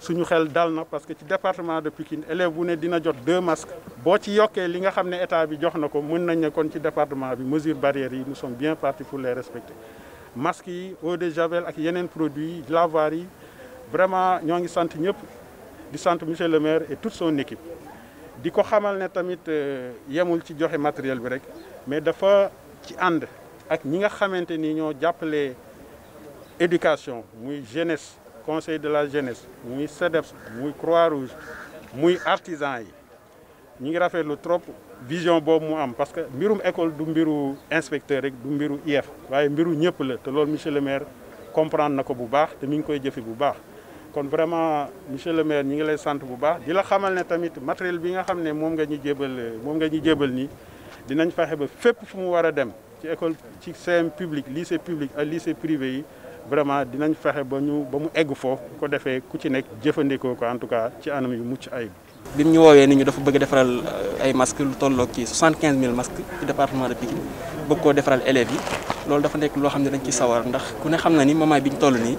suñu xel dal na parce que ci département de Pikine élève bu ne dina jot deux masques bo ci yoké li nga xamné ne état bi jox na mën nañ ne kon ci département bi mesures barrières yi nous sommes bien partis pour les respecter masques yi eau de javel ak yenen produits yi vraiment ñoo ngi sant ñëpp di sant monsieur le maire et toute son équipe di ko xamal ne tamit euh, yamul ci joxe matériel bi rek mais dafa ci and ak ñi nga xamante ni ñoo jappelé éducation muy jeunesse conseil de la jeunesse muy CEDEPS muy Croix-Rouge muy artisan yi ñu ngi rafetlu trop vision bon mu am parce que mbirum école du mbiru inspecteur rek du mbiru IF, waaye mbiru ñëpp la te loolu monsieur le maire comprendre na ko bu baax te mi ngi koy jëfi bu baax kon vraiment monsieur le maire ñu ngi lay sant bu baax di la xamal ne tamit matériel bi nga xam ne moom nga ñu jébal moom nga ñu jébal nii dinañ fexe ba fépp fu mu dem ci école ci CM public lycée public lycée privé yi vraiment dinañ fexe ba ñu ba mu egg foofu ko defee ku ci nekk jëfandikoo ko en tout cas ci anam yu mucc ayib. bi mu ñu woowee ni ñu dafa bëgg defaral euh, ay masques lu tolloo ci 75000 masques ci département de bëgg koo defaral élèves yi loolu dafa nekk loo xam ne dañ ci sawar ndax ku ne xam na ni moment bi ñu toll nii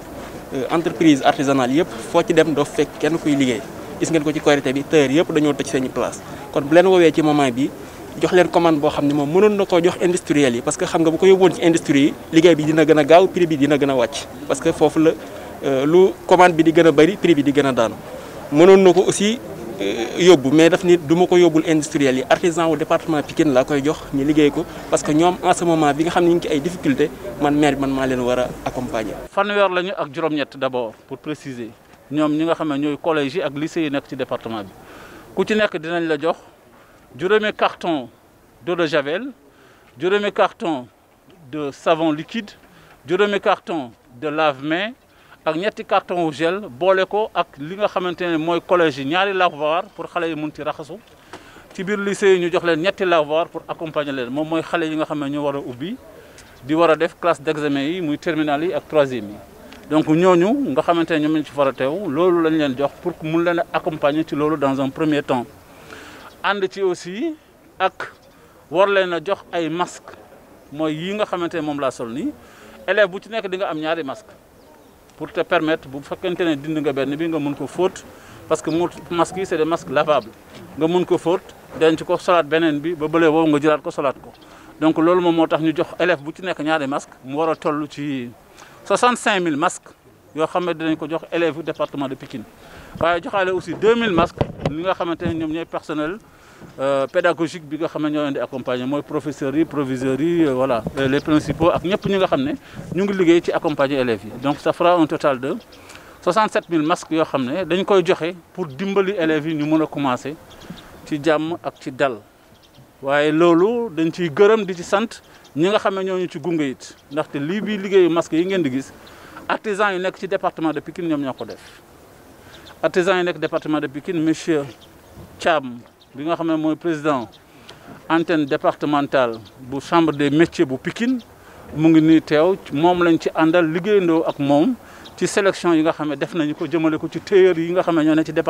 euh, entreprise artisanale yëpp foo ci dem doo fekk kenn kuy liggéey gis ngeen ko ci Korité bi tailleur yëpp dañoo tëj seen i place kon bu bi jox leen commande boo xam ne moom mënoon na koo jox industriel yi parce que xam nga bu ko yóbboon ci industrie yi liggéey bi dina gën a gaaw prix bi dina gën a wàcc parce que foofu la euh, lu commande bi di gën a bëri prix bi di gën a daanu mënoon na ko aussi euh, yóbbu mais daf ni du ma ko yóbbul industriel yi artisan wu département Pikine laa koy jox ñu liggéey ko parce que ñoom en ce moment bi nga xam ne ngi ci ay difficulté man maire man maa leen war a accompagner. fanweer lañu ak juróom-ñett d'abord pour préciser ñoom ñi nga xam ne ñooy collège yi ak lycée yi nekk ci département bi ku ci nekk dinañ la jox juróomi carton d'eau de javel juróomi carton de savon liquide juróomi carton de lave-main ak ñetti carton gel boole ko ak li nga xamante ne collège yi ñaari lavoir pour xale yi mun ci raxasu ci biir lycée ñu jox leen ñetti lavoir pour accompagner leen mom moy xalé yi nga xamné ñu wara a ubbi di wara def classe d'examen yi muy terminale yi ak troisième yi donc ñoñu nga xamanté ñu ñoom ci fara teew loolu lañ leen jox pour que mun leen accompagner ci loolu dans un premier temps and ci aussi ak war leena jox ay masque moy yi nga xamantene mom la laa sol nii élève bu ci nek di nga am ñaari masque pour te permettre bu fekkente ne dindi nga benn bi nga mun ko fóot parce que masque yi c'est des masques lavables nga mun ko fóot denc ko salat benen bi ba bele wo nga jëlaat ko salat ko donc loolu mom motax ñu jox élève bu ci nek ñaari masque mu wara tollu ci 65000 masques yo xamné ne dinañ ko jox élèves du département de Pikine waye joxale aussi 2000 masques ni nga xamante ñom ñoy personnel euh, pédagogique bi nga xamné ñoy ñoo accompagner moy professeurs yi proviseurs yi euh, voilà euh, les principaux ak ñëpp ñi nga xamné ñu ngi liggéey ci accompagner élèves yi donc ça fera un total de 67000 masques yo xamné dañ koy joxé pour dimbali élèves yi ñu mëna commencer ci jàmm ak ci dal waye lolu dañ ci gëreum di ci sant ñi nga xamné ne ñoo ñu ci gunge it ndaxte lii bi liggéey masque yi ngeen di gis artisans yu département de Pikine ñom ñoko def artisans département de Pikine monsieur Cham bi nga moy président antenne départementale bu chambre des métiers bu Pikine mu ngi ni tew mom lañ ci andal ak ci sélection yi nga été def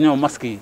département